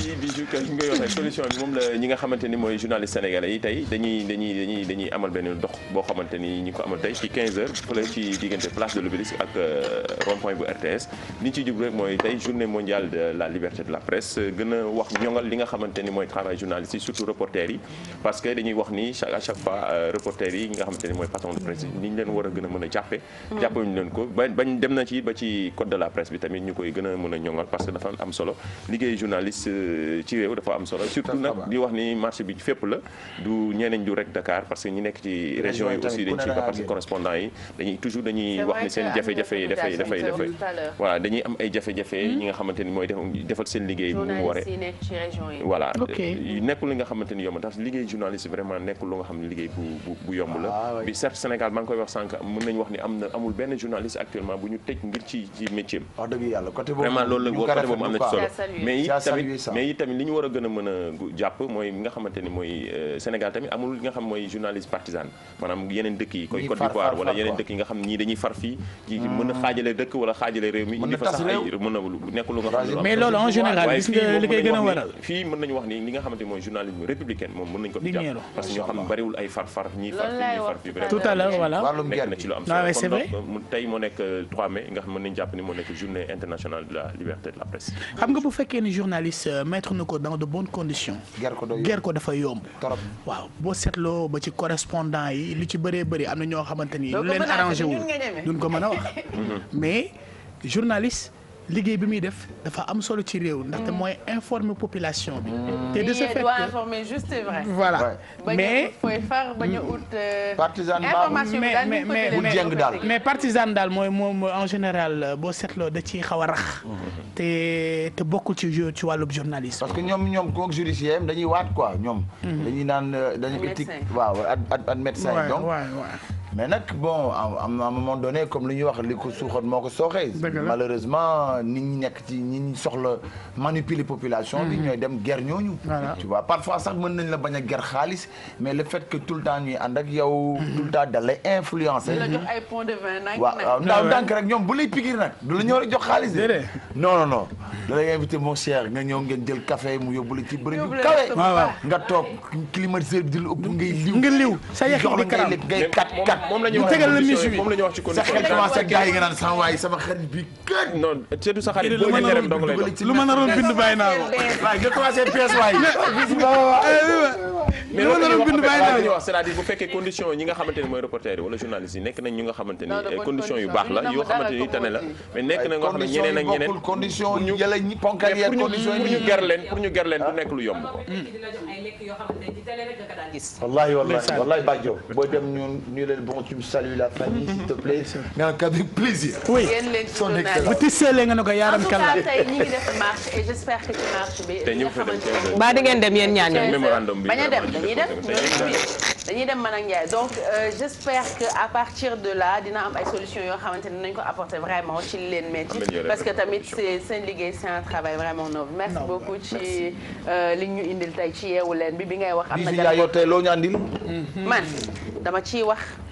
merci Bijou que ñu ngi koy nga xamante ni mooy journaliste sénégalais yi tey dañuy dañuy dañuy amal benn dox boo xamante ni ko amal tey ci 15 heures fële ci diggante place de l'Obélisque ak euh, rond point bu RTS li ñu jub rek mooy tey journée mondiale de la liberté de la presse euh, gën a wax ñoŋal li nga xamante ni mooy travail journaliste yi surtout reporters yi parce que dañuy wax ni chaque à chaque fois euh, reporters yi nga xamante mooy patron de presse ni ñu leen war a gën a mën a jàppe mm. jàppewuñu leen ko ba bañ ba ci code de la presse ñu koy gën a mën a ñoŋal am solo liggéey ci réew dafa am solo surtout nag di wax ni marché bi fépp la du ñeneen du rek Dakar parce que ñi nekk ci région yi aussi dañ ci parce que correspondant yi dañuy toujours dañuy wax ni seen jafe-jafe yi dafay dafay dafay voilà dañuy am ay jafe-jafe hmm? ñi nga xamante ni mooy defal seen liggéey bu mu waree voilà euh, nekkul li nga xamante ni yomb tax liggéey journaliste vraiment nekkul lu nga xam ne liggéey bu bu yomb la ah, bi certes Sénégal maa ngi koy wax sànq mën nañu wax ni am na amul benn journaliste actuellement bu ñu tëj ngir ci ci métier am vraiment loolu la côté boobu am na ci solo mais mais yi li nga xamante mooy euh, Sénégal tamit amul nga xam mooy journaliste partisan maanaam yeneen dëkk yi koy Côte d'Ivoire wala yeneen dëkk yi nga xam ñii mooy journalisme républicain moom mën nañu ko jàpp parce que ñoo xam bariwul ay far far ñii far fii tout à l'heure voilà nekk na ci lu am solo kon tey moo nekk 3 euh, mai nga xam mën nañu jàpp ni moo nekk journée internationale de la liberté de la presse xam nga bu fekkee ni journaliste Euh, mettre na ko dans de bonnes conditions. ger ko dafa yomb waaw boo seetloo ba ci correspondant yi li ci bëree bëri am na ñoo xamante ni. lu leen arrangé wul duñ ko mën a wax mais journaliste. liggéey bi muy def dafa am solo ci réew ndaxte mooy informer population bi. Mm. te de ce fait doit informer juste et vrai. voilà mais euh, partisan mais mais partisan daal mooy moom en général euh, boo seetloo da ciy xaw a rax. Mm-hmm. te te bokkul ci ci wàllub journaliste. parce que ñoom ñoom kooku juriste yi dañuy waat quoi ñoom. Mm-hmm. dañuy naan euh, dañuy éthique waaw ak médecin donc. mais nag bon à un moment donné comme lu ñuy wax li ko suuxat moo ko sooxee malheureusement ni ñi nekk ci nit ñi soxla manipuler population bi mhm. ñooy dem ger ñooñu tu vois parfois sax mën nañ la bañ a guerre xaalis mais le fait que tout le temps ñuy ànd ak yow mhm. tout le temps da lay influencer mhm. waaw waaw ndaaw ah ndànk rek ñoom bu lay piqûre nag du la ñëw rek jox xaalis non non non da lay invité mon cher nga ñëw ngeen jël café mu yóbbu la ci bërëb bu kawe nga toog climatiseur bi di la ëpp ngay liw liw sa yax di karam ngay kat kat moom la ñuy wax tegal la miss bi sa xel commencé gars nga naan sama waay sama xarit bi kat non seetu sa xarit boo ñëwee dong lay lu ma naroon bind bàyyi naa ko waaye nga mais loolu wax bu fekkee condition ñi nga xamante ni mooy reporter yi wala journaliste yi nekk nañ nga xamante condition yu baax la yoo xamante ni tane la mais nekk na nga xam ne ñeneen ak ñeneen condition ñu yàlla ñi ponkal yi condition yi ñu ger leen pour ñu ger leen du nekk lu yomb ko wallahi wallahi wallahi Badio booy dem ñun ñu leen bon tu me salues la famille s'il te plaît mais avec plaisir oui son excellence bu nga ne ko yaaram kala te ñu ngi def marche et j'espère que bi ba di ngeen dem yéen ñaan ñoom mémorandum bi dem dañuy dem dañuy dem man ak Ndiaye donc euh, j' espère que à partir de là dina am ay solutions yoo xamante ne nañ ko apporter vraiment ci li leen métti parce que tamit c'est sen liggéey c'est un travail vraiment noble merci beaucoup ci euh, li ñu indil tey ci yeewu leen bi bi ngay wax am na yow tey loo ñu andil man dama ci wax